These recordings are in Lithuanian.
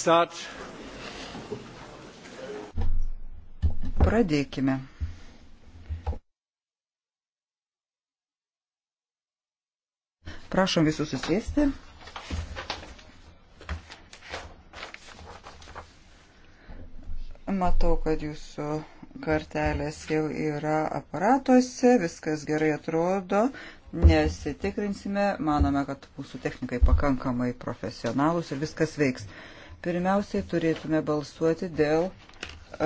Start. Pradėkime. Prašom visus susėsti. Matau, kad jūsų kartelės jau yra aparatuose, viskas gerai atrodo, nesitikrinsime, manome, kad mūsų technikai pakankamai profesionalus ir viskas veiks. Pirmiausiai turėtume balsuoti dėl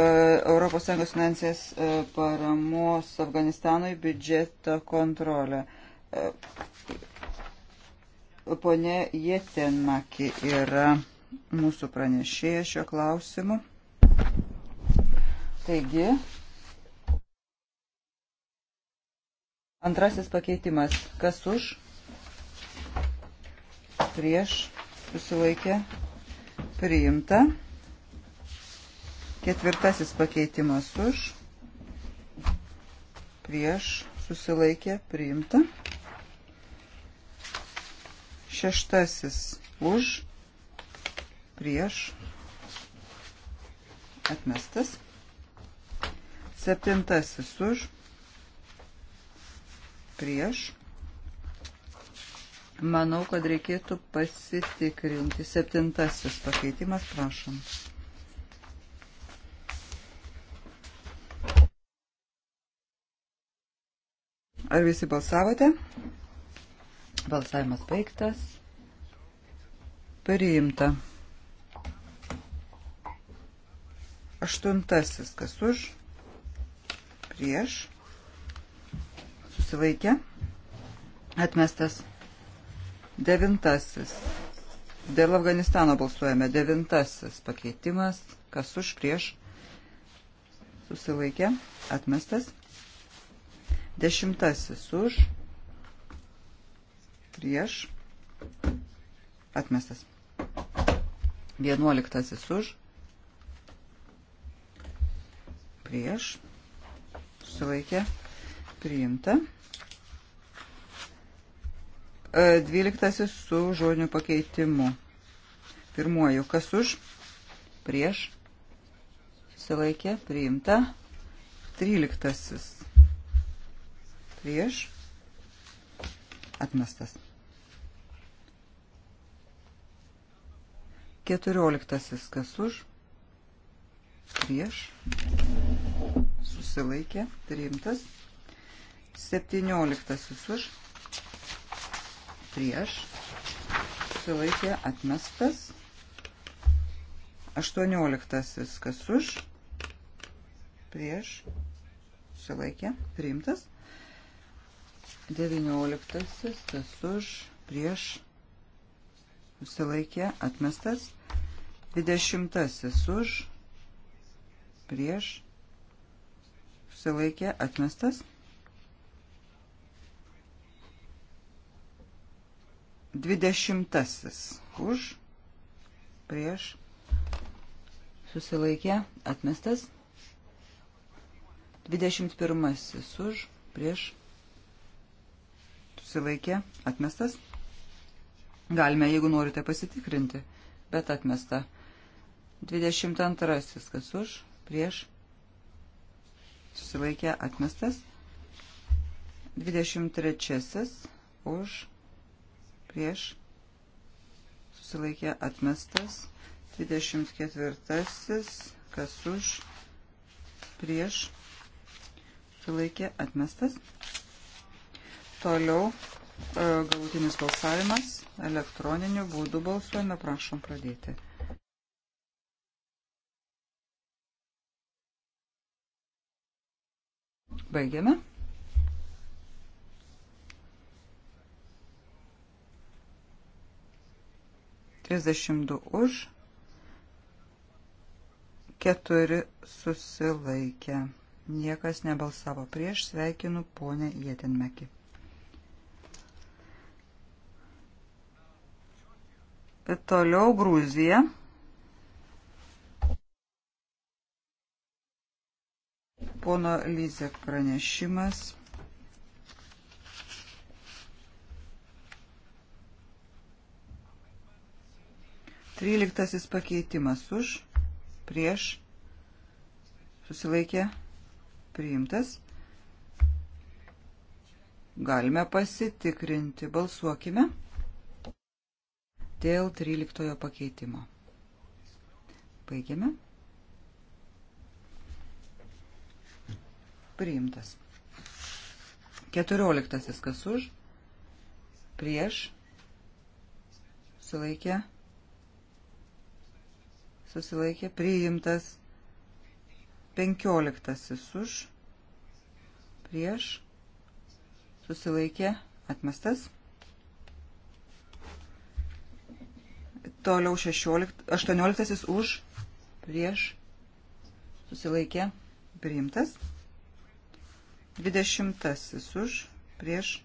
ES finansės e, paramos Afganistanui biudžeto kontrolę. E, Pone Jetenmaki yra mūsų pranešėja šio klausimu. Taigi, antrasis pakeitimas. Kas už? Prieš susilaikė priimta. Ketvirtasis pakeitimas už, prieš, susilaikė, priimta. Šeštasis už, prieš, atmestas. Septintasis už, prieš, Manau, kad reikėtų pasitikrinti. Septintasis pakeitimas, prašom. Ar visi balsavote? Balsavimas baigtas. Priimta. Aštuntasis, kas už? Prieš. Susilaikė. Atmestas. Devintasis. Dėl Afganistano balsuojame. Devintasis pakeitimas. Kas už prieš? Susilaikė. Atmestas. Dešimtasis už. Prieš. Atmestas. Vienuoliktasis už. Prieš. Susilaikė. Priimta. E, dvyliktasis su žodiniu pakeitimu. Pirmuoju, kas už, prieš, silaikė, priimta. Tryliktasis, prieš, atmestas. Keturioliktasis, kas už, prieš, susilaikė, priimtas. Septynioliktasis už, prieš prieš, sulaikė atmestas. 18 kas už, prieš, sulaikė, priimtas. 19 kas už, prieš, sulaikė, atmestas. 20 už, prieš, sulaikė, atmestas. Dvidešimtasis už, prieš, susilaikė, atmestas. Dvidešimt pirmasis už, prieš, susilaikė, atmestas. Galime, jeigu norite, pasitikrinti, bet atmesta. Dvidešimt antrasis, kas už, prieš, susilaikė, atmestas. Dvidešimt trečiasis už, prieš prieš susilaikė atmestas. 24. Kas už prieš susilaikė atmestas. Toliau e, galutinis balsavimas elektroniniu būdu balsuojame. Prašom pradėti. Baigiame. 32 už, 4 susilaikė. Niekas nebalsavo prieš, sveikinu ponę Jėtinmekį. Toliau Grūzija. Pono Lyzek pranešimas. Tryliktasis pakeitimas už, prieš, susilaikė, priimtas. Galime pasitikrinti. Balsuokime dėl tryliktojo pakeitimo. Baigiame. Priimtas. Keturioliktasis kas už, prieš, sulaikė, priimtas susilaikė priimtas. Penkioliktasis už, prieš, susilaikė atmestas. Toliau 16, 18 už, prieš, susilaikė priimtas. 20 už, prieš,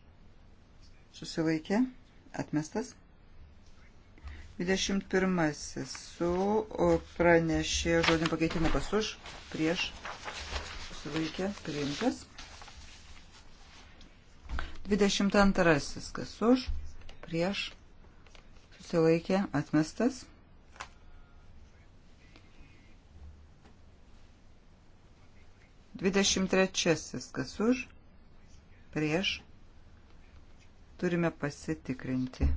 susilaikė atmestas. 21 su pranešė žodiniu pakeitimu kas už, prieš, susilaikė, priimtas. 22 kas už, prieš, susilaikė, atmestas. 23 kas už, prieš, turime pasitikrinti.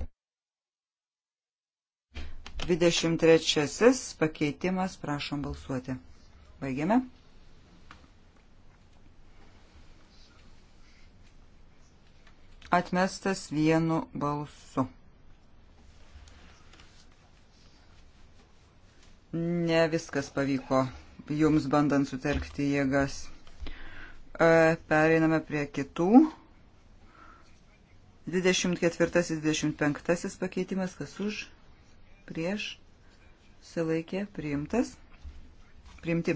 23 pakeitimas, prašom balsuoti. Baigiame. Atmestas vienu balsu. Ne viskas pavyko jums bandant sutelkti jėgas. E, pereiname prie kitų. 24-25 pakeitimas, kas už? prieš susilaikė priimtas. Priimti.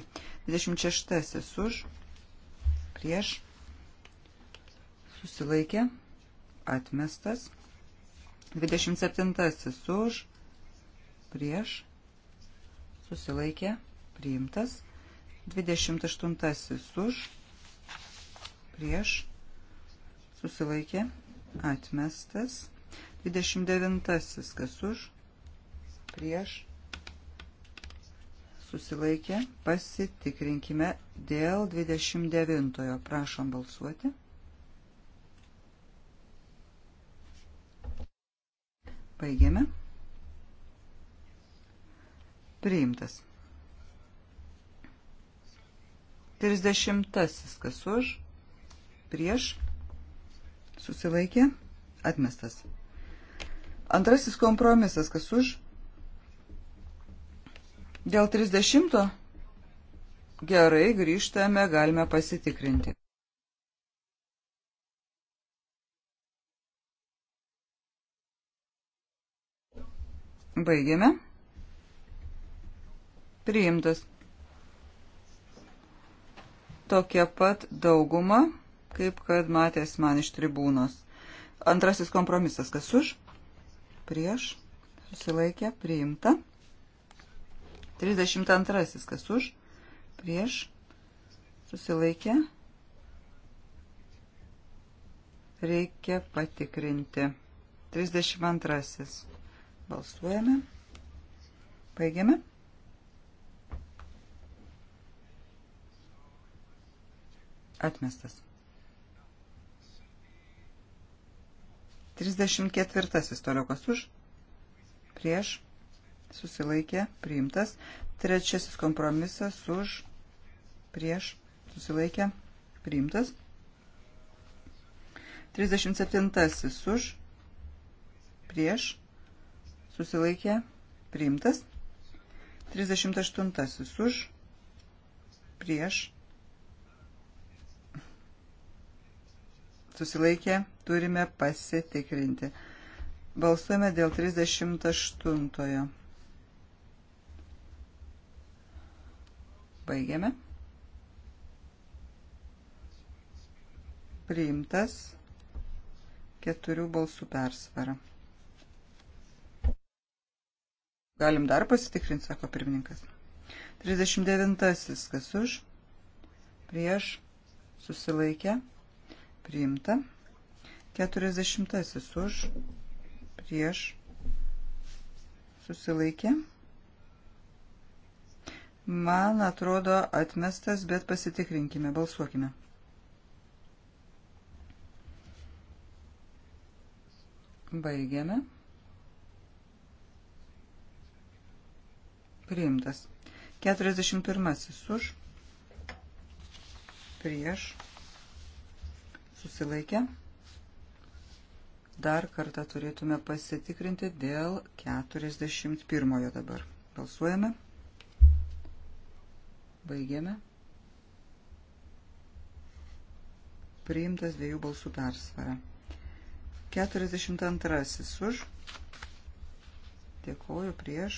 26 už prieš susilaikė atmestas. 27 už prieš susilaikė priimtas. 28 už prieš susilaikė atmestas. 29 kas už prieš susilaikė, pasitikrinkime dėl 29-ojo. Prašom balsuoti. Baigiame. Priimtas. 30-asis kas už, prieš, susilaikė, atmestas. Antrasis kompromisas kas už, prieš Dėl 30 gerai grįžtame, galime pasitikrinti. Baigėme. Priimtas. Tokia pat dauguma, kaip kad matės man iš tribūnos. Antrasis kompromisas. Kas už? Prieš. Susilaikė. Priimta. 32 kas už, prieš, susilaikė, reikia patikrinti. 32 balsuojame, baigiame. Atmestas. 34 toliau kas už, prieš, susilaikė, priimtas. Trečiasis kompromisas už, prieš, susilaikė, priimtas. 37 už, prieš, susilaikė, priimtas. 38 už, prieš, susilaikė, turime pasitikrinti. Balsuojame dėl 38. Baigiame. Priimtas keturių balsų persvara. Galim dar pasitikrinti, sako pirmininkas. 39. Kas už? Prieš susilaikę. Priimta. 40. Už. Prieš susilaikę. Man atrodo atmestas, bet pasitikrinkime, balsuokime. Baigiame. Priimtas. 41 už. Prieš. Susilaikę. Dar kartą turėtume pasitikrinti dėl 41 dabar. Balsuojame. Balsuojame. Baigiame. Priimtas dviejų balsų persvara. 42 už. Dėkoju prieš.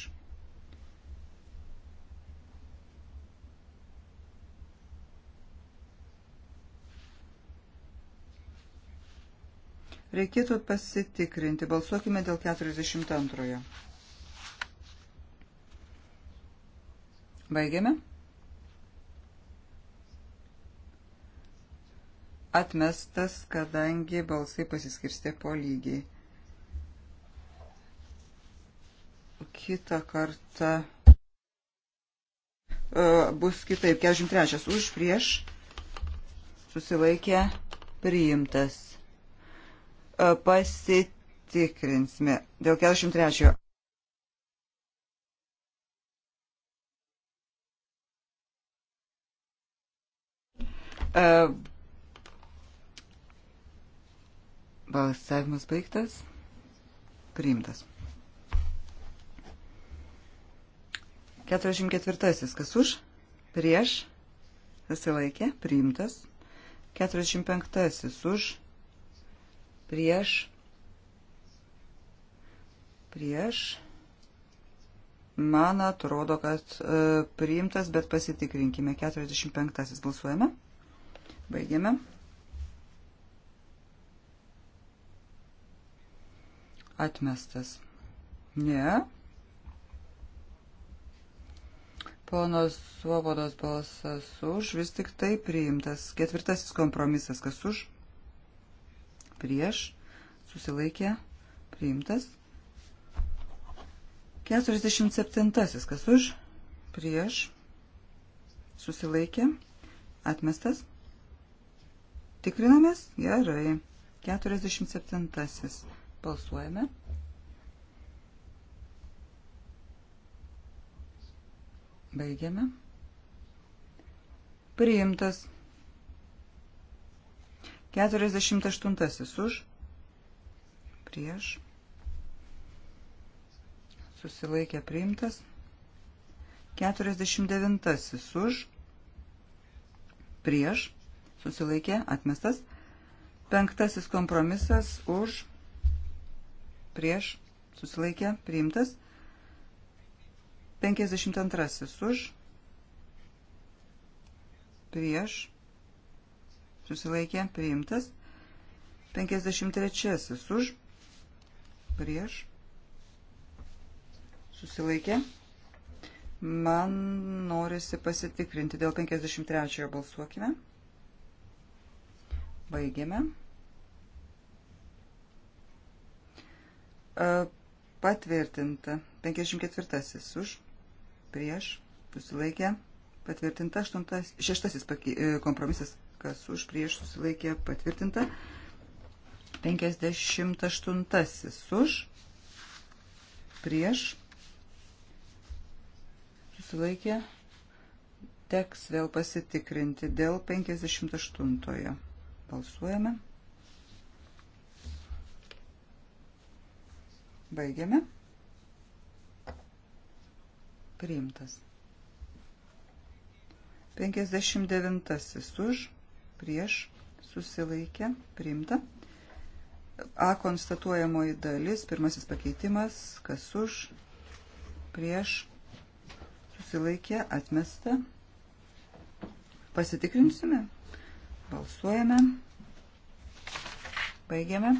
Reikėtų pasitikrinti. Balsuokime dėl 42. Baigiame. atmestas, kadangi balsai pasiskirstė po lygiai. Kita karta e, bus kitaip. 43 už prieš susilaikė priimtas. E, pasitikrinsime dėl 43. Balsavimas baigtas. Priimtas. 44. Kas už? Prieš. Susilaikė. Priimtas. 45. Už. Prieš. Prieš. Man atrodo, kad e, priimtas, bet pasitikrinkime. 45. Balsuojame. Baigiame. atmestas. Ne. Ponos Svobodos balsas už, vis tik tai priimtas. Ketvirtasis kompromisas, kas už? Prieš, susilaikė, priimtas. 47. Kas už? Prieš. Susilaikė. Atmestas. Tikrinamės? Gerai. 47. Balsuojame. Baigiame. Priimtas. 48 už. Prieš. Susilaikė priimtas. 49 už. Prieš. Susilaikė atmestas. Penktasis kompromisas už prieš, susilaikė, priimtas. 52 už, prieš, susilaikė, priimtas. 53 už, prieš, susilaikė. Man norisi pasitikrinti, dėl 53 balsuokime. Baigiame. Patvirtinta. 54 už. Prieš. Susilaikė. Patvirtinta. 6 e, kompromisas. Kas už. Prieš. Susilaikė. Patvirtinta. 58 už. Prieš. Susilaikė. Teks vėl pasitikrinti dėl 58. Balsuojame. Baigiame. Priimtas. 59 už, prieš, susilaikė, priimta. A konstatuojamoji dalis, pirmasis pakeitimas, kas už, prieš, susilaikė, atmesta. Pasitikrinsime. Balsuojame. Baigiame.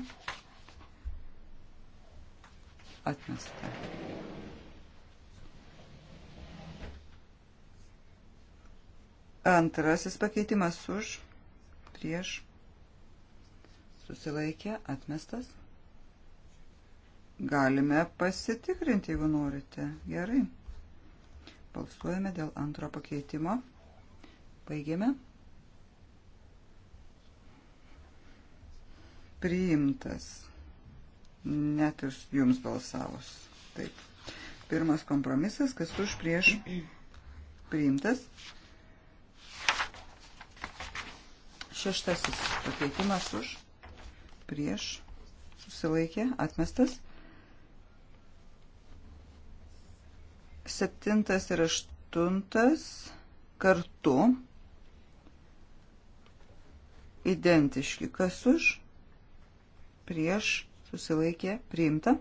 Atmesta. Antrasis pakeitimas už, prieš, susilaikė, atmestas. Galime pasitikrinti, jeigu norite. Gerai. Balsuojame dėl antro pakeitimo. Baigėme. Priimtas net ir jums balsavus. Taip. Pirmas kompromisas, kas už prieš priimtas. Šeštasis pakeitimas už prieš susilaikė atmestas. Septintas ir aštuntas kartu identiški. Kas už prieš susilaikė, priimta.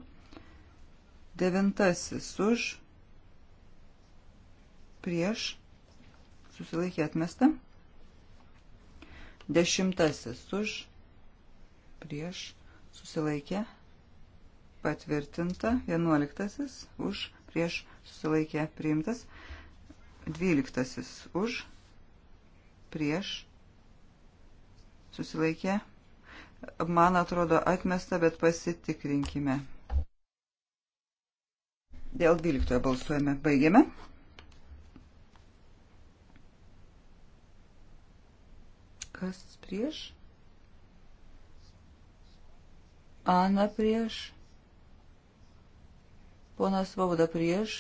Devintasis už, prieš, susilaikė, atmesta. Dešimtasis už, prieš, susilaikė, patvirtinta. Vienuoliktasis už, prieš, susilaikė, priimtas. Dvyliktasis už, prieš, susilaikė, man atrodo atmesta, bet pasitikrinkime. Dėl 12 balsuojame. Baigiame. Kas prieš? Ana prieš. Ponas Vauda prieš.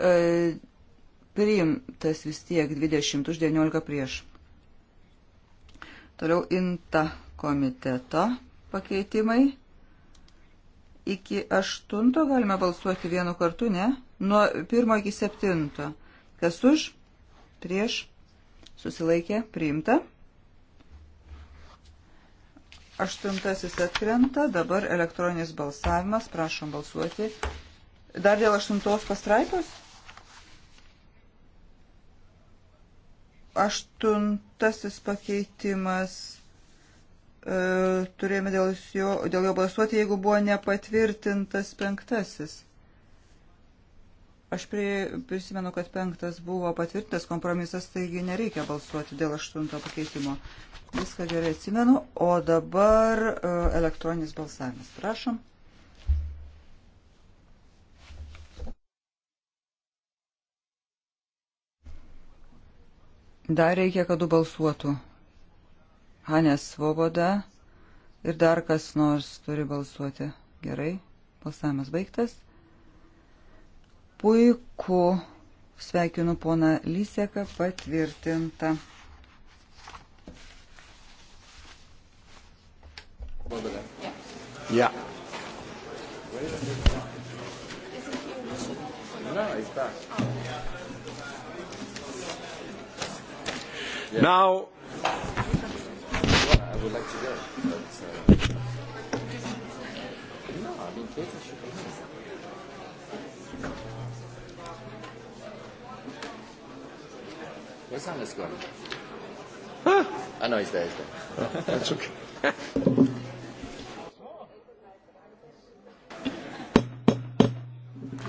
E, priimtas vis tiek 20 už 19 prieš. Toliau inta komiteto pakeitimai. Iki aštunto galime balsuoti vienu kartu, ne? Nuo pirmo iki septinto. Kas už? Prieš? Susilaikė? Priimta. Aštuntasis atkrenta, dabar elektroninis balsavimas, prašom balsuoti. Dar dėl aštuntos pastraipos? Aštuntasis pakeitimas E, turėjome dėl jo, dėl jo balsuoti, jeigu buvo nepatvirtintas penktasis. Aš prie, prisimenu, kad penktas buvo patvirtintas kompromisas, taigi nereikia balsuoti dėl aštunto pakeitimo. Viską gerai atsimenu. O dabar e, elektroninis balsavimas. Prašom. Dar reikia, kad du balsuotų. Hanės Svoboda ir dar kas nors turi balsuoti. Gerai, balsavimas baigtas. Puiku, sveikinu poną Lyseką patvirtintą. Yeah. Now would like to go. But, uh, no, I mean, Kate should be here. Where's Hannes gone? Huh? I know he's there, he's there. Oh, that's okay.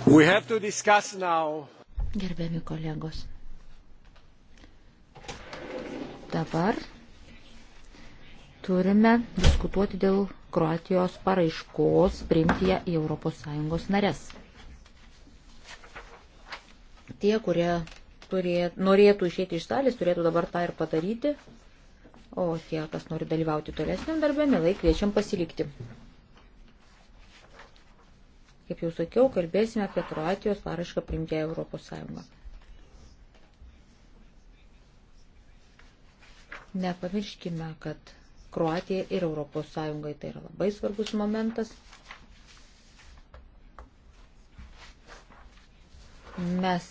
We have to discuss now. Gerbiami kolegos. Dabar turime diskutuoti dėl Kroatijos paraiškos priimti ją į ES narės. Tie, kurie turė, norėtų išėti iš salės, turėtų dabar tą ir padaryti, o tie, kas nori dalyvauti tolesniam darbė, mielai kviečiam pasilikti. Kaip jau sakiau, kalbėsime apie Kroatijos paraišką priimti į ES. Nepamirškime, kad Kroatijai ir Europos Sąjungai. Tai yra labai svarbus momentas. Mes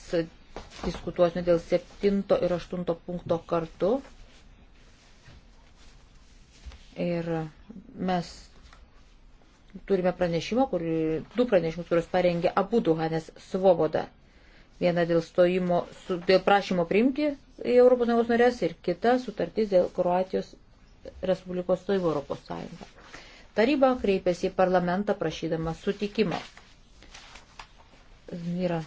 diskutuosime dėl 7 ir 8 punkto kartu. Ir mes turime pranešimą, kur, du pranešimus, kuriuos parengė abu Duhanes Svoboda. Viena dėl, stojimo, su, dėl prašymo priimti į Europos Sąjungos norės ir kita sutartis dėl Kroatijos Respublikos stojimo Europos Sąjungą. Taryba kreipėsi į parlamentą prašydama sutikimo. Yra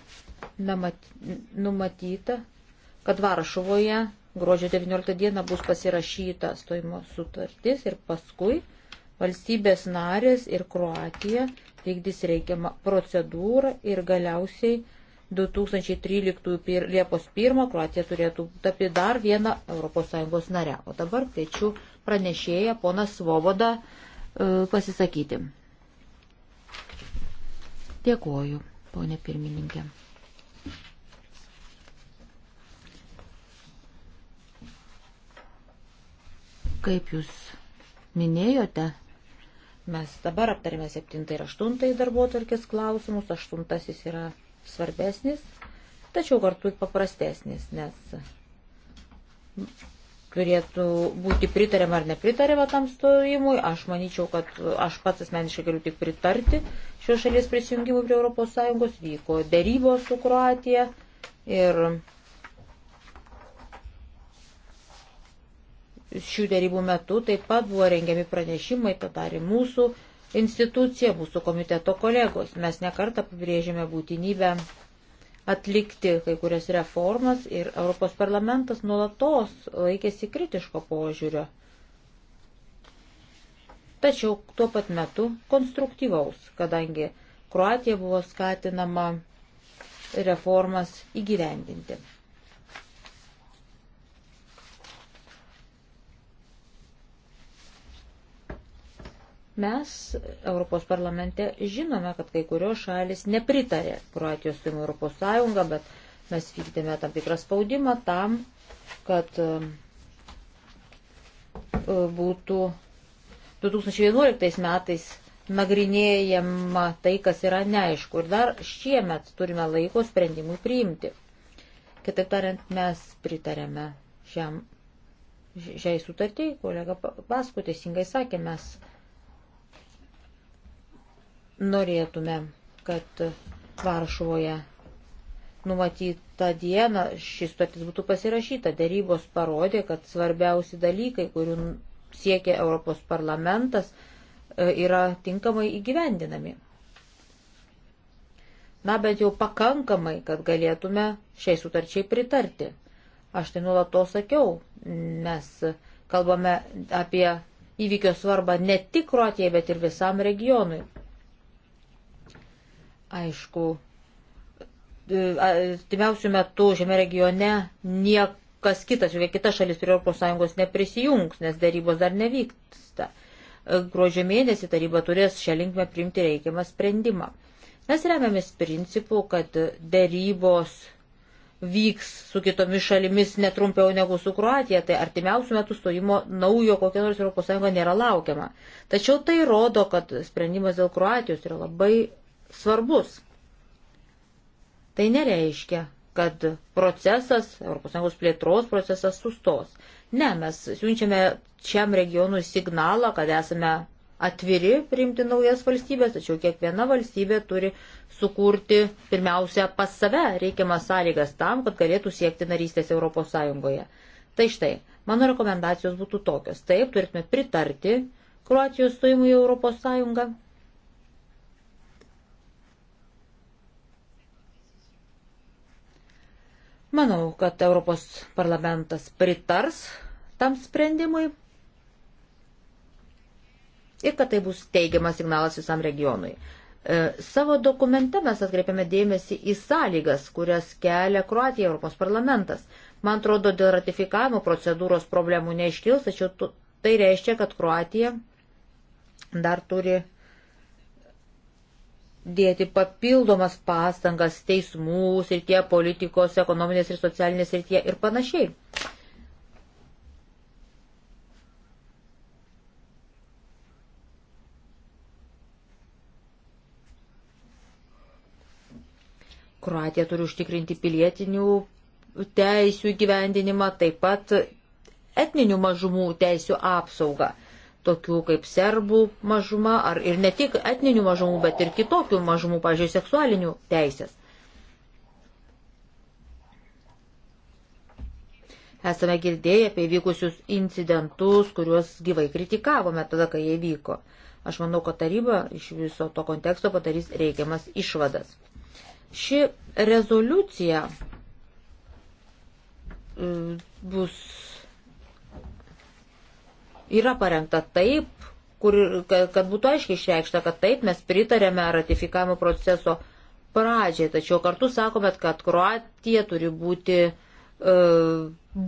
numatyta, kad Varšuvoje gruodžio 19 dieną bus pasirašyta stojimo sutartis ir paskui valstybės narės ir Kroatija vykdys reikiamą procedūrą ir galiausiai 2013 Liepos 1 Kroatija turėtų tapti dar vieną ES narę. O dabar kviečiu pranešėją poną Svobodą e, pasisakyti. Dėkuoju, ponė pirmininkė. Kaip jūs minėjote, mes dabar aptarėme 7 ir 8 darbuotvarkės klausimus, 8 yra svarbesnis, tačiau kartu ir paprastesnis, nes turėtų būti pritariama ar nepritariama tam stojimui. Aš manyčiau, kad aš pats asmeniškai galiu tik pritarti šios šalies prisijungimui prie ES. Vyko dėrybos su Kroatija ir šių dėrybų metu taip pat buvo rengiami pranešimai, tą darė mūsų institucija, mūsų komiteto kolegos. Mes nekartą pabrėžėme būtinybę atlikti kai kurias reformas ir Europos parlamentas nuolatos laikėsi kritiško požiūrio, tačiau tuo pat metu konstruktyvaus, kadangi Kroatija buvo skatinama reformas įgyvendinti. Mes Europos parlamente žinome, kad kai kurios šalis nepritarė Kroatijos stojimo Europos Sąjungą, bet mes vykdėme tam tikrą spaudimą tam, kad um, e, būtų 2011 metais nagrinėjama tai, kas yra neaišku. Ir dar šiemet turime laiko sprendimui priimti. Kitaip tariant, mes pritarėme šiam, šiai sutartį, kolega Pasku teisingai sakė, mes norėtume, kad Varšuvoje numatytą dieną šis sutartis būtų pasirašyta. Dėrybos parodė, kad svarbiausi dalykai, kurių siekia Europos parlamentas, e, yra tinkamai įgyvendinami. Na, bent jau pakankamai, kad galėtume šiai sutarčiai pritarti. Aš tai nulatos sakiau, mes kalbame apie įvykio svarbą ne tik Kroatijai, bet ir visam regionui. Aišku, e, artimiausių metų šiame regione niekas kitas, jokia kita šalis prie ES neprisijungs, nes darybos dar nevyksta. E, gruodžio mėnesį taryba turės šią linkmę priimti reikiamą sprendimą. Mes remiamės principu, kad darybos vyks su kitomis šalimis netrumpiau negu su Kroatija, tai artimiausių metų stojimo naujo kokio nors ES nėra laukiama. Tačiau tai rodo, kad sprendimas dėl Kroatijos yra labai svarbus. Tai nereiškia, kad procesas, ES plėtros procesas sustos. Ne, mes siunčiame šiam regionui signalą, kad esame atviri priimti naujas valstybės, tačiau kiekviena valstybė turi sukurti pirmiausia pas save reikiamas sąlygas tam, kad galėtų siekti narystės ES. Tai štai, mano rekomendacijos būtų tokios. Taip, turėtume pritarti Kroatijos stojimui į ES Manau, kad Europos parlamentas pritars tam sprendimui ir kad tai bus teigiamas signalas visam regionui. E, savo dokumente mes atkreipiame dėmesį į sąlygas, kurias kelia Kroatija Europos parlamentas. Man atrodo, dėl ratifikavimo procedūros problemų neiškils, tačiau tai reiškia, kad Kroatija dar turi dėti papildomas pastangas teismų srityje, politikos, ekonominės ir socialinės srityje ir panašiai. Kroatija turi užtikrinti pilietinių teisių įgyvendinimą, taip pat etninių mažumų teisių apsaugą tokių kaip serbų mažuma, ar ir ne tik etninių mažumų, bet ir kitokių mažumų, pažiūrėjau, seksualinių teisės. Esame girdėję apie vykusius incidentus, kuriuos gyvai kritikavome tada, kai jie vyko. Aš manau, kad taryba iš viso to konteksto padarys reikiamas išvadas. Ši rezoliucija e, bus yra parengta taip, kur, kad būtų aiškiai išreikšta, kad taip mes pritarėme ratifikavimo proceso pradžiai, tačiau kartu sakome, kad Kroatija turi būti e,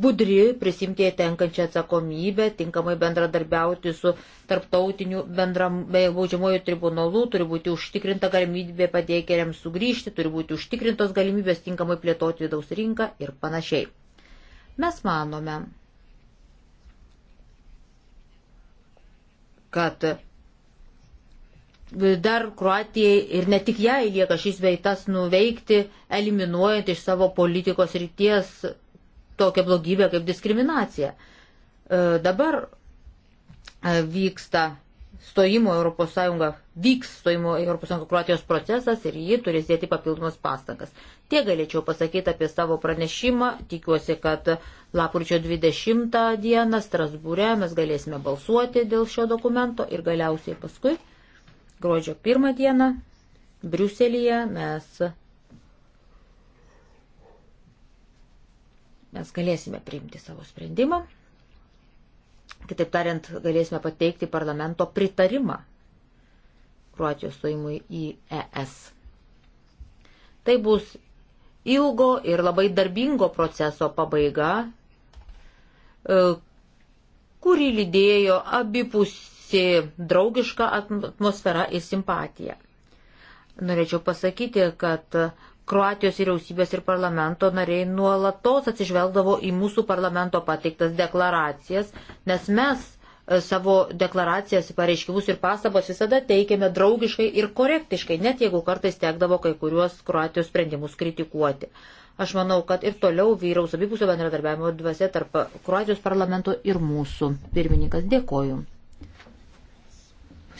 budri, prisimti tenkančią atsakomybę, tinkamai bendradarbiauti su tarptautiniu baudžiamojo tribunolu, turi būti užtikrinta galimybė padėkeriams sugrįžti, turi būti užtikrintos galimybės tinkamai plėtoti vidaus rinką ir panašiai. Mes manome, kad dar Kroatijai ir ne tik jai lieka šis veitas nuveikti, eliminuojant iš savo politikos ryties tokią blogybę kaip diskriminacija. E, dabar e, vyksta stojimo Europos Sąjunga vyks stojimo Europos Sąjunga Kroatijos procesas ir ji turės dėti papildomas pastangas. Tie galėčiau pasakyti apie savo pranešimą. Tikiuosi, kad lapurčio 20 dieną Strasbūre mes galėsime balsuoti dėl šio dokumento ir galiausiai paskui gruodžio 1 dieną Briuselėje mes, mes galėsime priimti savo sprendimą. Kitaip tariant, galėsime pateikti parlamento pritarimą Kruatijos stojimui į ES. Tai bus ilgo ir labai darbingo proceso pabaiga, e, kurį lydėjo abipusi draugiška atmosfera ir simpatija. Norėčiau pasakyti, kad Kroatijos vyriausybės ir parlamento nariai nuolatos atsižvelgdavo į mūsų parlamento pateiktas deklaracijas, nes mes e, savo deklaracijas, pareiškimus ir pastabas visada teikėme draugiškai ir korektiškai, net jeigu kartais tekdavo kai kuriuos Kroatijos sprendimus kritikuoti. Aš manau, kad ir toliau vyraus abipusio bendradarbiavimo dvasia tarp Kroatijos parlamento ir mūsų. Pirmininkas, dėkoju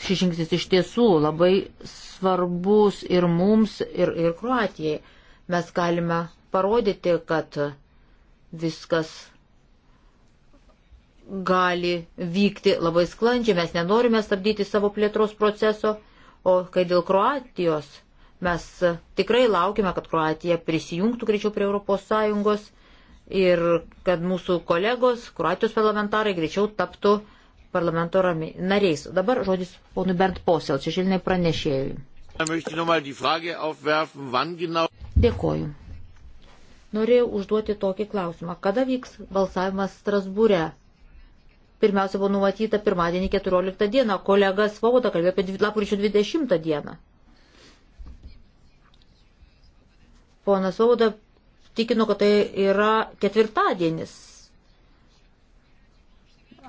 šis žingsnis iš tiesų labai svarbus ir mums, ir, ir Kroatijai. Mes galime parodyti, kad viskas gali vykti labai sklandžiai, mes nenorime stabdyti savo plėtros proceso, o kai dėl Kroatijos mes tikrai laukime, kad Kroatija prisijungtų greičiau prie ES ir kad mūsų kolegos, Kroatijos parlamentarai greičiau taptų uh, parlamento nariais. Dabar žodis ponui Bernd Posel, čia žilinai pranešėjui. Dėkoju. Norėjau užduoti tokį klausimą. Kada vyks balsavimas Strasbūre? Pirmiausia, buvo numatyta pirmadienį 14 dieną. Kolega Svoboda kalbėjo apie lapkričio 20 dieną. Ponas Svoboda tikino, kad tai yra ketvirtadienis.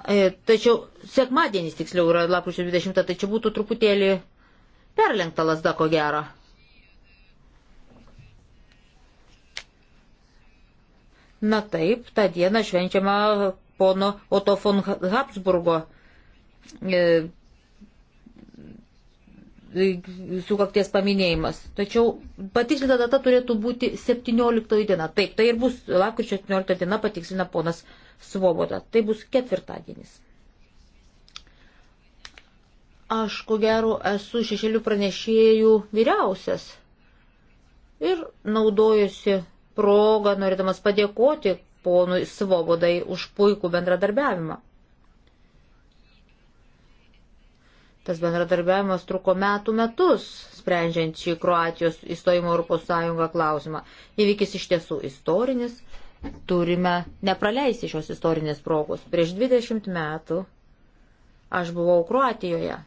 E, tačiau sekmadienis tiksliau yra lapkričio 20, tai čia būtų truputėlį perlengta lasda, ko gero. Na taip, tą dieną švenčiama pono Otto von Habsburgo e, sukakties paminėjimas. Tačiau patikslinta data turėtų būti 17 diena. Taip, tai ir bus lapkričio 17 diena patikslina ponas Habsburgas svoboda. Tai bus ketvirtadienis. Aš, ko gero, esu šešėlių pranešėjų vyriausias ir naudojusi progą, norėdamas padėkoti ponui Svobodai už puikų bendradarbiavimą. Tas bendradarbiavimas truko metų metus, sprendžiant šį Kroatijos įstojimo Europos Sąjungą klausimą. Įvykis iš tiesų istorinis, turime nepraleisti šios istorinės progos. Prieš 20 metų aš buvau Kroatijoje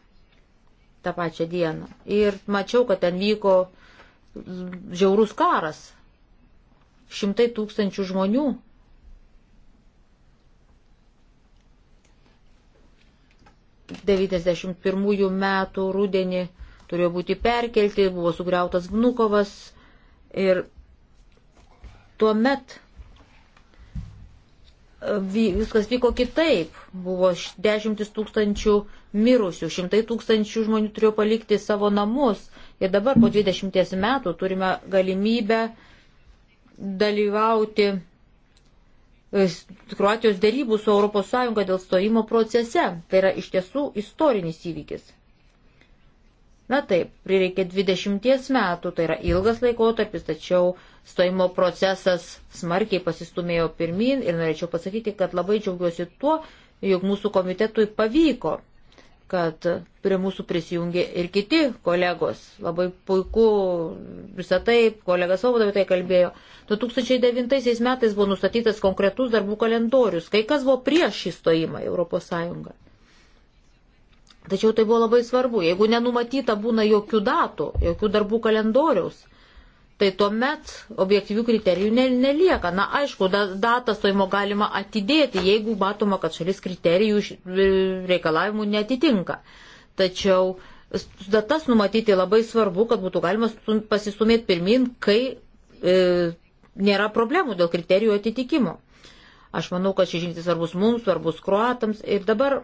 tą pačią dieną ir mačiau, kad ten vyko žiaurus karas. Šimtai tūkstančių žmonių. Devyniasdešimt pirmųjų metų rudenį turėjo būti perkelti, buvo sugriautas Vnukovas ir tuo met viskas vyko kitaip. Buvo dešimtis tūkstančių mirusių, šimtai tūkstančių žmonių turėjo palikti savo namus. Ir dabar po 20 metų turime galimybę dalyvauti e, Kroatijos dėrybų su ES dėl stojimo procese. Tai yra iš tiesų istorinis įvykis. Na taip, prireikė 20 metų, tai yra ilgas laikotarpis, tačiau stojimo procesas smarkiai pasistumėjo pirmin ir norėčiau pasakyti, kad labai džiaugiuosi tuo, jog mūsų komitetui pavyko, kad prie mūsų prisijungė ir kiti kolegos. Labai puiku visą tai, kolega Saudo apie tai kalbėjo. 2009 metais buvo nustatytas konkretus darbų kalendorius, kai kas buvo prieš įstojimą į Europos Sąjungą. Tačiau tai buvo labai svarbu. Jeigu nenumatyta būna jokių datų, jokių darbų kalendoriaus, tai tuomet objektyvių kriterijų nelieka. Na, aišku, datą stojimo galima atidėti, jeigu matoma, kad šalis kriterijų e, reikalavimų netitinka. Tačiau datas numatyti labai svarbu, kad būtų galima pasistumėti pirmin, kai e, nėra problemų dėl kriterijų atitikimo. Aš manau, kad šis žingsnis svarbus mums, svarbus kruatams. Ir dabar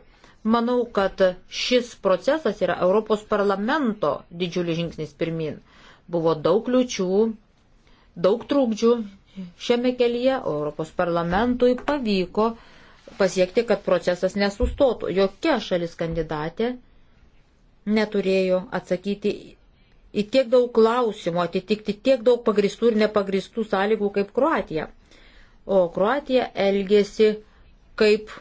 Manau, kad šis procesas yra Europos parlamento didžiulis žingsnis pirmin. Buvo daug kliučių, daug trūkdžių šiame kelyje, Europos parlamentui pavyko pasiekti, kad procesas nesustotų. Jokia šalis kandidatė neturėjo atsakyti į tiek daug klausimų, atitikti tiek daug pagristų ir nepagristų sąlygų kaip Kroatija. O Kroatija elgėsi kaip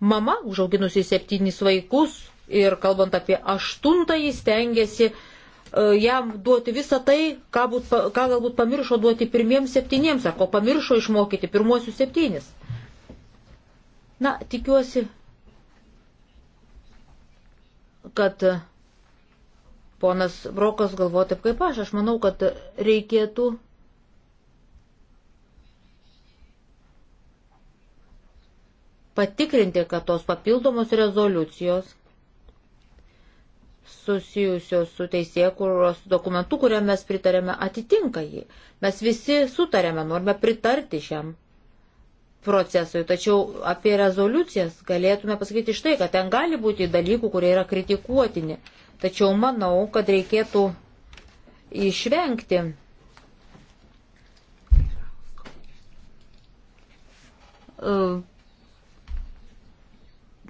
Mama, užauginusi septynis vaikus ir kalbant apie aštuntąjį, stengiasi e, jam duoti visą tai, ką, būt, ką galbūt pamiršo duoti pirmiems septyniems, ar ko pamiršo išmokyti pirmuosius septynis. Na, tikiuosi, kad ponas Brokas galvoja taip kaip aš. Aš manau, kad reikėtų patikrinti, kad tos papildomos rezoliucijos susijusios su teisėkuros dokumentu, kuriam mes pritarėme, atitinka jį. Mes visi sutarėme, norime pritarti šiam procesui, tačiau apie rezoliucijas galėtume pasakyti štai, kad ten gali būti dalykų, kurie yra kritikuotini. Tačiau manau, kad reikėtų išvengti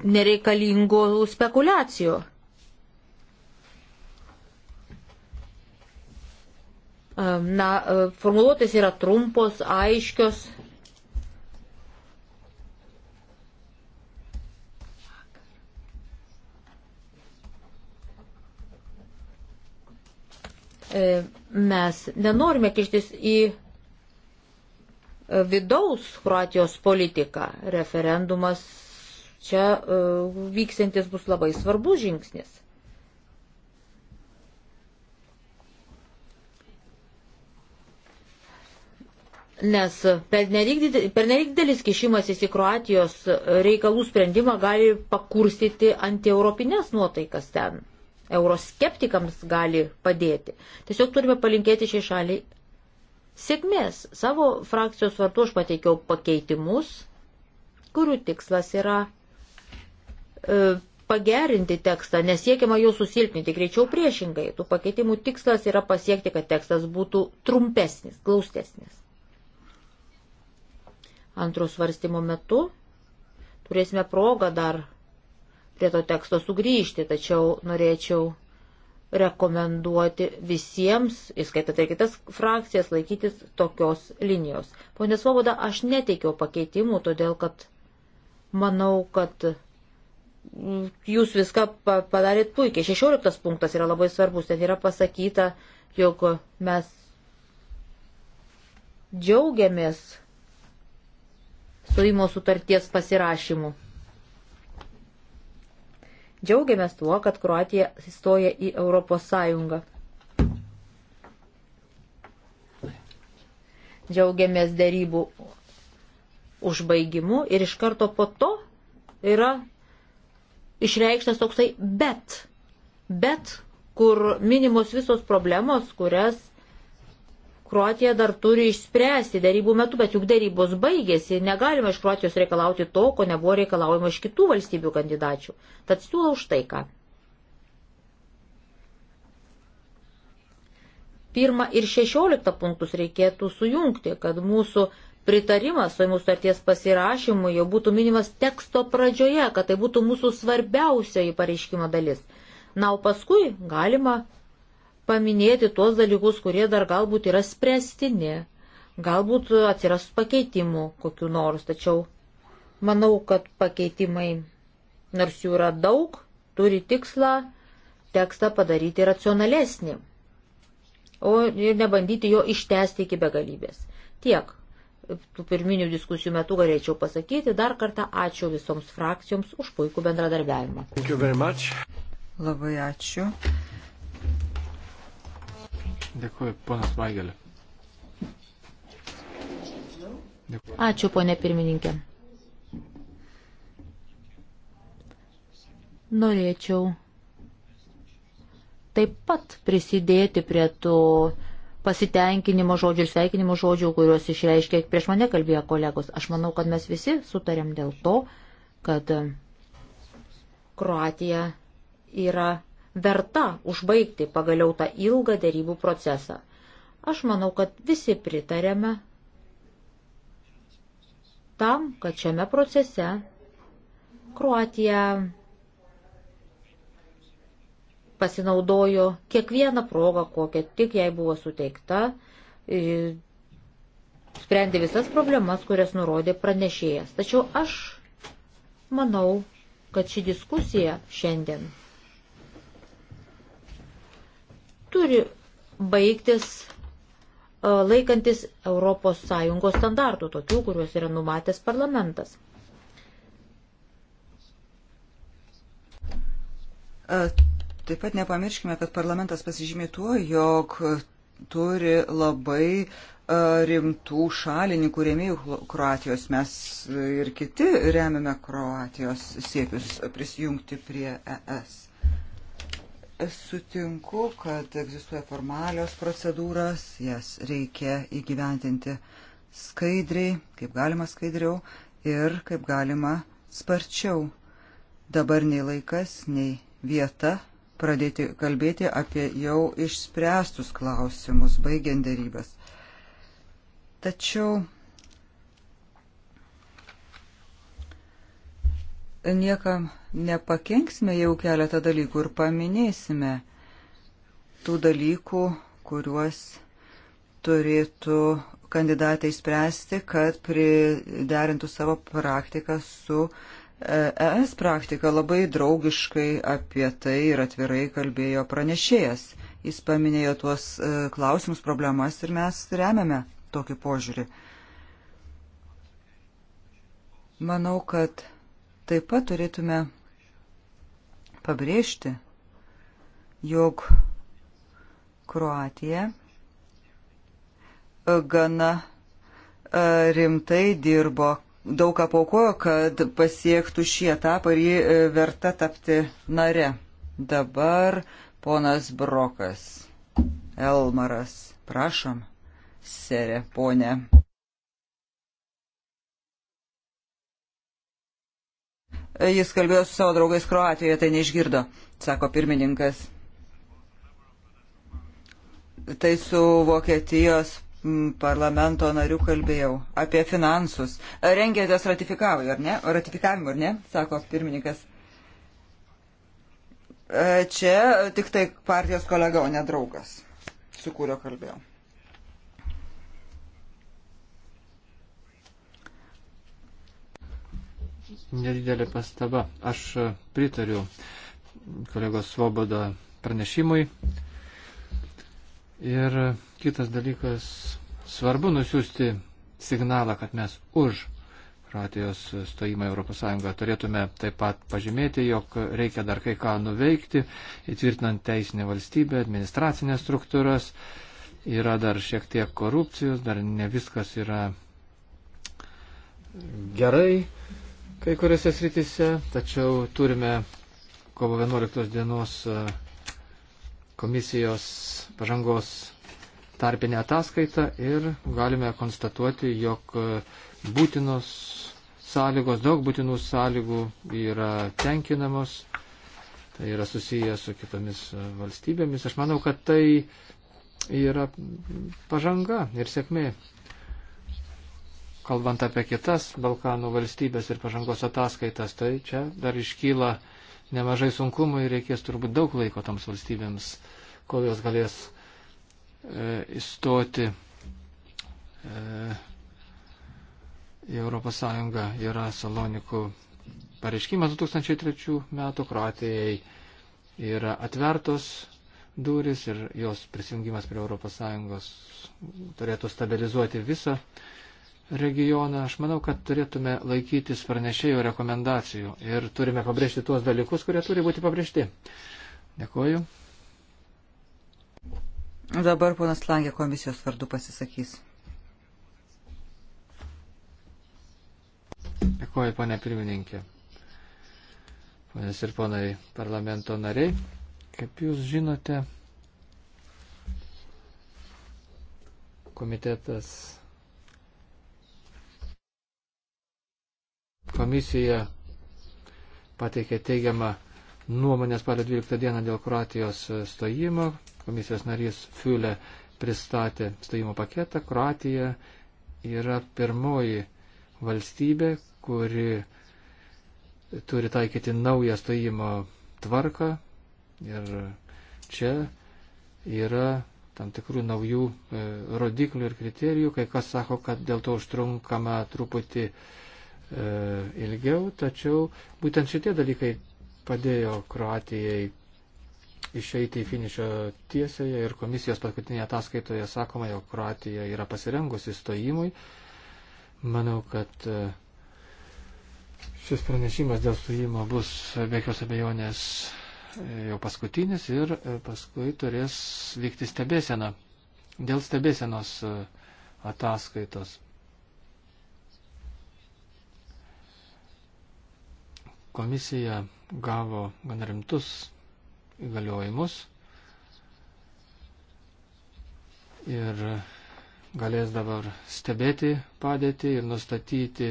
nereikalingų spekulacijų. Na, e, formuluotės yra trumpos, aiškios. E, mes nenorime kištis į e, vidaus Kroatijos politiką. Referendumas čia uh, vyksiantis bus labai svarbus žingsnis. Nes pernelyg didelis kišimasis į Kroatijos reikalų sprendimą gali pakurstyti antieuropinės nuotaikas ten. Euroskeptikams gali padėti. Tiesiog turime palinkėti šiai šaliai sėkmės. Savo frakcijos vardu aš pateikiau pakeitimus, kurių tikslas yra E, pagerinti tekstą, nesiekiama jo susilpninti, greičiau priešingai. Tų pakeitimų tikslas yra pasiekti, kad tekstas būtų trumpesnis, glaustesnis. Antro svarstymo metu turėsime progą dar prie to teksto sugrįžti, tačiau norėčiau rekomenduoti visiems, įskaitant ir kitas frakcijas, laikytis tokios linijos. Pone Svoboda, aš neteikiau pakeitimų, todėl kad manau, kad jūs viską padarėt puikiai. 16 punktas yra labai svarbus, ten yra pasakyta, jog mes džiaugiamės stojimo sutarties pasirašymu. Džiaugiamės tuo, kad Kroatija įstoja į Europos Sąjungą. Džiaugiamės dėrybų užbaigimu ir iš karto po to yra išreikštas toksai bet. Bet, kur minimos visos problemos, kurias Kroatija dar turi išspręsti darybų metu, bet juk darybos baigėsi, negalima iš Kroatijos reikalauti to, ko nebuvo reikalaujama iš kitų valstybių kandidačių. Tad siūlau štai ką. Pirmą ir šešioliktą punktus reikėtų sujungti, kad mūsų pritarimas stojimų starties pasirašymui jau būtų minimas teksto pradžioje, kad tai būtų mūsų svarbiausioji pareiškimo dalis. Na, o paskui galima paminėti tuos dalykus, kurie dar galbūt yra spręstini, galbūt atsiras pakeitimų kokiu nors, tačiau manau, kad pakeitimai, nors jų yra daug, turi tikslą tekstą padaryti racionalesnį, o nebandyti jo ištesti iki begalybės. Tiek tų pirminių diskusijų metu galėčiau pasakyti. Dar kartą ačiū visoms frakcijoms už puikų bendradarbiavimą. Labai ačiū. Dėkuoju, ponas Vaigelė. Dėkuoju. Ačiū, ponė pirmininkė. Norėčiau taip pat prisidėti prie to pasitenkinimo žodžių ir sveikinimo žodžių, kuriuos išreiškė prieš mane kalbėjo kolegos. Aš manau, kad mes visi sutarėm dėl to, kad Kroatija yra verta užbaigti pagaliau tą ilgą dėrybų procesą. Aš manau, kad visi pritarėme tam, kad šiame procese Kroatija pasinaudojo kiekvieną progą, kokią tik jai buvo suteikta, sprendė visas problemas, kurias nurodė pranešėjas. Tačiau aš manau, kad ši diskusija šiandien turi baigtis e, laikantis ES standartų, tokių, kuriuos yra numatęs parlamentas. Uh Taip pat nepamirškime, kad parlamentas pasižymė tuo, jog turi labai e, rimtų šalininkų rėmėjų Kroatijos. Mes e, ir kiti remiame Kroatijos siekius prisijungti prie ES. Sutinku, kad egzistuoja formalios procedūros, jas reikia įgyventinti skaidriai, kaip galima skaidriau ir kaip galima sparčiau. Dabar nei laikas, nei vieta pradėti kalbėti apie jau išspręstus klausimus, baigiant darybas. Tačiau niekam nepakenksime jau keletą dalykų ir paminėsime tų dalykų, kuriuos turėtų kandidatai spręsti, kad priderintų savo praktiką su uh, ES praktika labai draugiškai apie tai ir atvirai kalbėjo pranešėjas. Jis paminėjo tuos e, klausimus, problemas ir mes remiame tokį požiūrį. Manau, kad taip pat turėtume pabrėžti, jog Kroatija e, gana e, rimtai dirbo daug ką paukojo, kad pasiektų šį etapą ir jį e, verta tapti nare. Dabar ponas Brokas. Elmaras, prašom, serė ponė. E, jis kalbėjo su savo draugais Kroatijoje, tai neišgirdo, sako pirmininkas. Tai su Vokietijos parlamento narių kalbėjau apie finansus. Rengėtės ratifikavimui, ar ne? Ratifikavimui, ar ne? Sako pirmininkas. E, čia tik tai partijos kolega, o ne draugas, su kuriuo kalbėjau. Nedidelė pastaba. Aš e, pritariu kolegos Svobodo pranešimui. Ir Kitas dalykas, svarbu nusiųsti signalą, kad mes už Kroatijos stojimą Europos Sąjungą turėtume taip pat pažymėti, jog reikia dar kai ką nuveikti, įtvirtinant teisinę valstybę, administracinės struktūras, yra dar šiek tiek korupcijos, dar ne viskas yra gerai kai kuriuose srityse, tačiau turime kovo 11 dienos e, komisijos pažangos tarpinę ataskaitą ir galime konstatuoti, jog būtinos sąlygos, daug būtinų sąlygų yra tenkinamos, tai yra susiję su kitomis valstybėmis. Aš manau, kad tai yra pažanga ir sėkmė. Kalbant apie kitas Balkanų valstybės ir pažangos ataskaitas, tai čia dar iškyla nemažai sunkumų ir reikės turbūt daug laiko toms valstybėms, kol jos galės E, įstoti e, į Europos Sąjungą yra Salonikų pareiškimas 2003 metų, Kroatijai yra atvertos duris ir jos prisijungimas prie Europos Sąjungos turėtų stabilizuoti visą regioną. Aš manau, kad turėtume laikytis pranešėjo rekomendacijų ir turime pabrėžti tuos dalykus, kurie turi būti pabrėžti. Dėkuoju. Dabar ponas Langė komisijos vardu pasisakys. Dėkuoju, ponė pirmininkė. Ponės ir ponai parlamento nariai, kaip jūs žinote, komitetas komisija pateikė teigiamą nuomonę spalio 12 dieną dėl Kroatijos stojimo. Komisijos narys Fiulė pristatė stojimo paketą. Kroatija yra pirmoji valstybė, kuri turi taikyti naują stojimo tvarką. Ir čia yra tam tikrų naujų e, rodiklių ir kriterijų. Kai kas sako, kad dėl to užtrunkama truputį e, ilgiau, tačiau būtent šitie dalykai padėjo Kroatijai išeiti į finišo tiesėje ir komisijos paskutinėje ataskaitoje sakoma, jog Kroatija yra pasirengusi stojimui. Manau, kad e, šis pranešimas dėl stojimo bus be jokios abejonės e, jau paskutinis ir e, paskui turės vykti stebėsena. Dėl stebėsenos ataskaitos. komisija gavo gan rimtus įgaliojimus ir galės dabar stebėti padėtį ir nustatyti,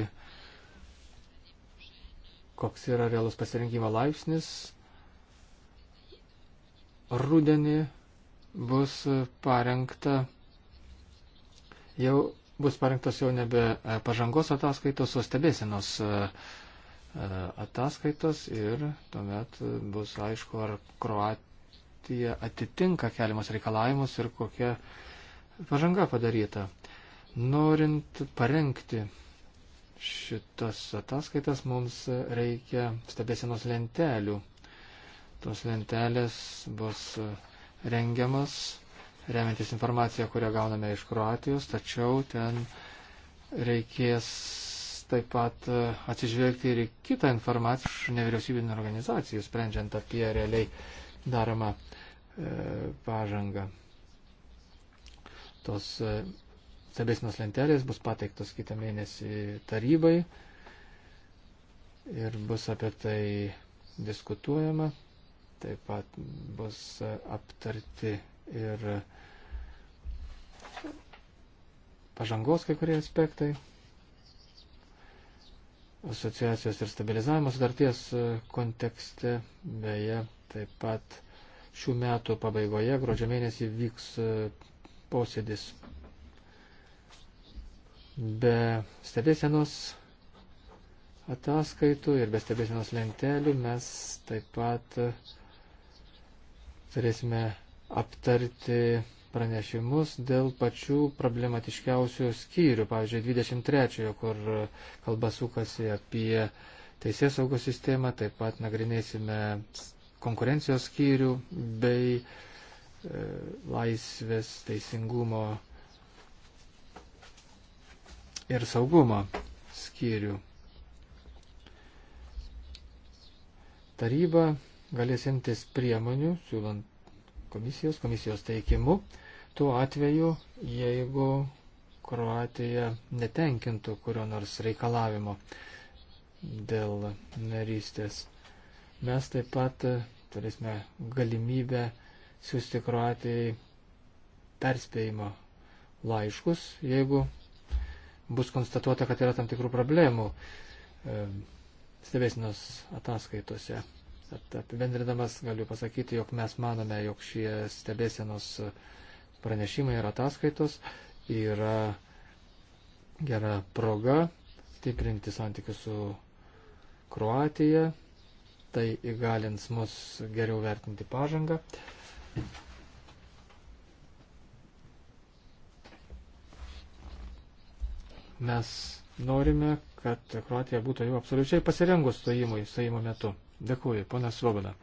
koks yra realus pasirinkimo laipsnis. Rudenį bus parengta jau bus parengtos jau nebe pažangos ataskaitos, o stebėsenos ataskaitos ataskaitos ir tuomet bus aišku, ar Kroatija atitinka keliamus reikalavimus ir kokia pažanga padaryta. Norint parengti šitas ataskaitas, mums reikia stebėsienos lentelių. Tos lentelės bus rengiamas, remiantis informaciją, kurią gauname iš Kroatijos, tačiau ten reikės taip pat e, atsižvelgti ir į kitą informaciją iš nevyriausybinio organizacijų, sprendžiant apie realiai daromą e, pažangą. Tos e, stebėsinos lentelės bus pateiktos kitą mėnesį tarybai ir bus apie tai diskutuojama. Taip pat bus aptarti ir pažangos kai kurie aspektai asociacijos ir stabilizavimo sutarties e, kontekste. Beje, taip pat šių metų pabaigoje, gruodžio mėnesį, vyks e, posėdis be stebėsenos ataskaitų ir be stebėsenos lentelių mes taip pat e, turėsime aptarti pranešimus dėl pačių problematiškiausių skyrių, pavyzdžiui, 23, kur kalba sukasi apie teisės saugos sistemą, taip pat nagrinėsime konkurencijos skyrių bei e, laisvės teisingumo ir saugumo skyrių. Taryba galės imtis priemonių, siūlant komisijos, komisijos teikimu, tuo atveju, jeigu Kroatija netenkintų kurio nors reikalavimo dėl narystės. Mes taip pat turėsime galimybę siūsti Kroatijai perspėjimo laiškus, jeigu bus konstatuota, kad yra tam tikrų problemų e, stebėsinos ataskaitose. Apibendrinamas galiu pasakyti, jog mes manome, jog šie stebėsienos ataskaitos pranešimai ir ataskaitos yra gera proga stiprinti santykius su Kroatija, tai įgalins mus geriau vertinti pažangą. Mes norime, kad Kroatija būtų jau absoliučiai pasirengus stojimui, stojimo metu. Dėkuoju, ponas Svoboda.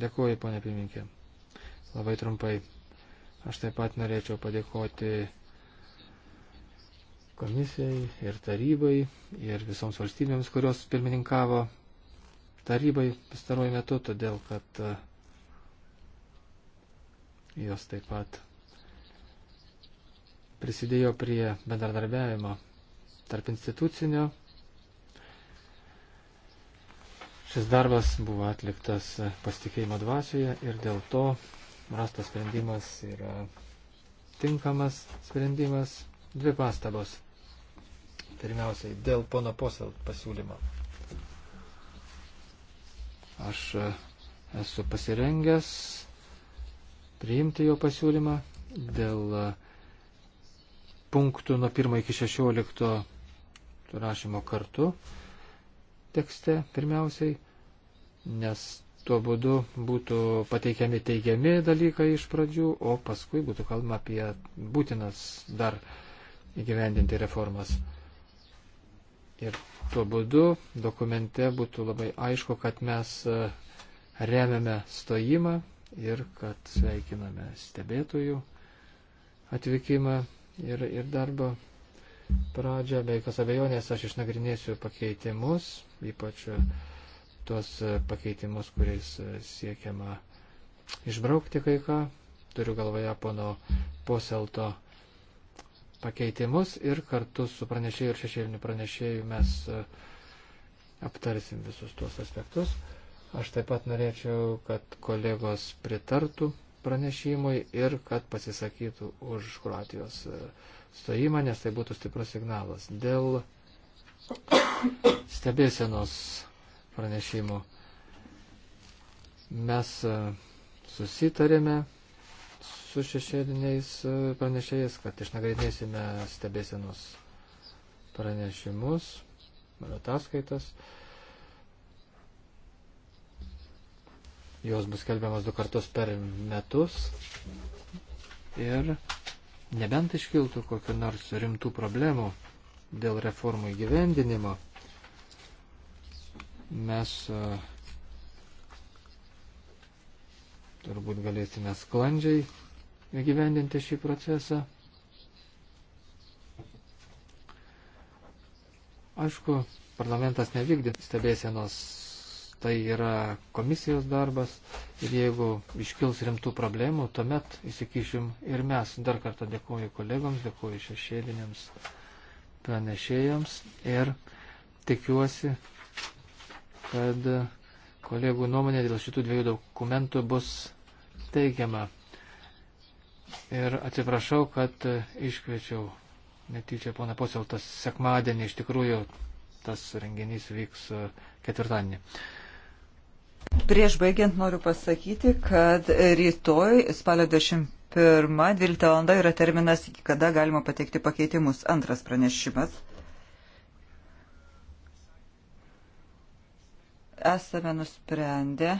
Dėkuoju, ponė Piminkė labai trumpai. Aš taip pat norėčiau padėkoti komisijai ir tarybai ir visoms valstybėms, kurios pirmininkavo tarybai pastaruoju metu, todėl kad e, jos taip pat prisidėjo prie bendradarbiavimo tarp institucinio. Šis darbas buvo atliktas pasitikėjimo dvasioje ir dėl to rastas sprendimas yra tinkamas sprendimas. Dvi pastabos. Pirmiausiai, dėl pono posel pasiūlymo. Aš e, esu pasirengęs priimti jo pasiūlymą dėl e, punktų nuo 1 iki 16 rašymo kartu tekste pirmiausiai, nes Tuo būdu būtų pateikiami teigiami dalykai iš pradžių, o paskui būtų kalbama apie būtinas dar įgyvendinti reformas. Ir tuo būdu dokumente būtų labai aišku, kad mes e, remiame stojimą ir kad sveikiname stebėtojų atvykimą ir, ir darbo pradžią. Be jokios abejonės aš išnagrinėsiu pakeitimus, ypač tuos e, pakeitimus, kuriais e, siekiama išbraukti kai ką. Turiu galvoje pono poselto pakeitimus ir kartu su pranešėju ir šešėliniu pranešėju mes e, aptarsim visus tuos aspektus. Aš taip pat norėčiau, kad kolegos pritartų pranešimui ir kad pasisakytų už Kroatijos stojimą, nes tai būtų stiprus signalas. Dėl stebėsenos pranešimu. Mes e, susitarėme su šešėliniais e, pranešėjais, kad išnagrinėsime stebėsenos pranešimus, ataskaitas. Jos bus kelbiamas du kartus per metus. Ir nebent iškiltų kokiu nors rimtų problemų dėl reformų įgyvendinimo, mes e, turbūt galėsime sklandžiai įgyvendinti šį procesą. Aišku, parlamentas nevykdė stebėsienos, tai yra komisijos darbas ir jeigu iškils rimtų problemų, tuomet įsikišim ir mes. Dar kartą dėkuoju kolegoms, dėkuoju šešėliniams pranešėjams ir tikiuosi, kad kolegų nuomonė dėl šitų dviejų dokumentų bus teigiama. Ir atsiprašau, kad iškviečiau netyčia pona Poseltas sekmadienį, iš tikrųjų tas renginys vyks ketvirtadienį. Prieš baigiant noriu pasakyti, kad rytoj spalio 21.12 yra terminas, iki kada galima pateikti pakeitimus. Antras pranešimas. esame nusprendę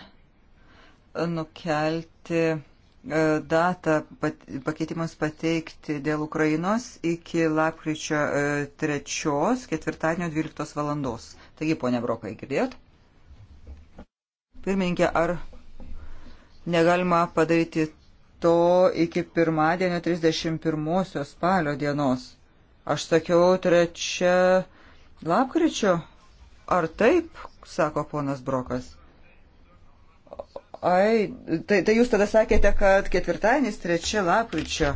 nukelti e, datą pakeitimams pateikti dėl Ukrainos iki lapkričio 3, e, ketvirtadienio 12 valandos. Taigi, ponia Brokai, girdėjot? Pirmininkė, ar negalima padaryti to iki pirmadienio 31 spalio dienos? Aš sakiau 3 lapkričio. Ar taip? sako ponas Brokas. Ai, tai, tai jūs tada sakėte, kad ketvirtadienis, trečia lapkričio,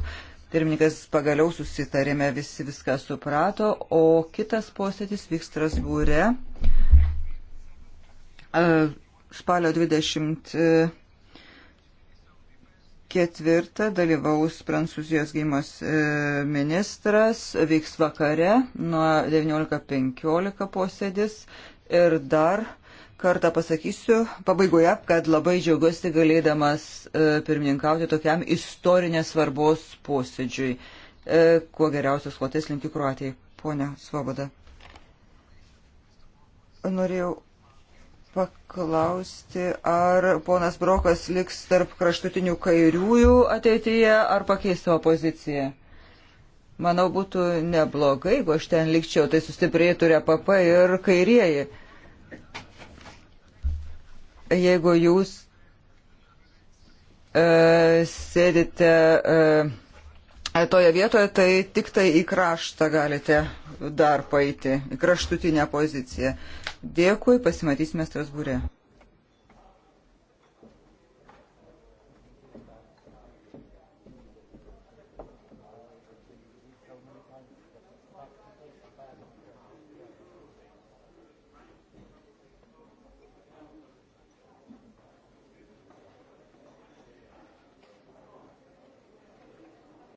pirmininkas pagaliau susitarėme, visi viską suprato, o kitas posėdis vyks Strasbūre e, spalio 20 ketvirtą dalyvaus Prancūzijos gynybos e, ministras, vyks vakare nuo 19.15 posėdis, Ir dar kartą pasakysiu pabaigoje, kad labai džiaugiuosi galėdamas e, pirmininkauti tokiam istorinės svarbos posėdžiui. E, kuo geriausios kloties linkiu Kruatijai. Pone Svoboda. Norėjau paklausti, ar ponas Brokas liks tarp kraštutinių kairiųjų ateityje, ar pakeis savo poziciją. Manau, būtų neblogai, jeigu aš ten likčiau, tai sustiprėtų RPP e ir kairieji. Jeigu jūs e, sėdite e, toje vietoje, tai tik tai į kraštą galite dar paeiti, į kraštutinę poziciją. Dėkui, pasimatysime Strasbūrė.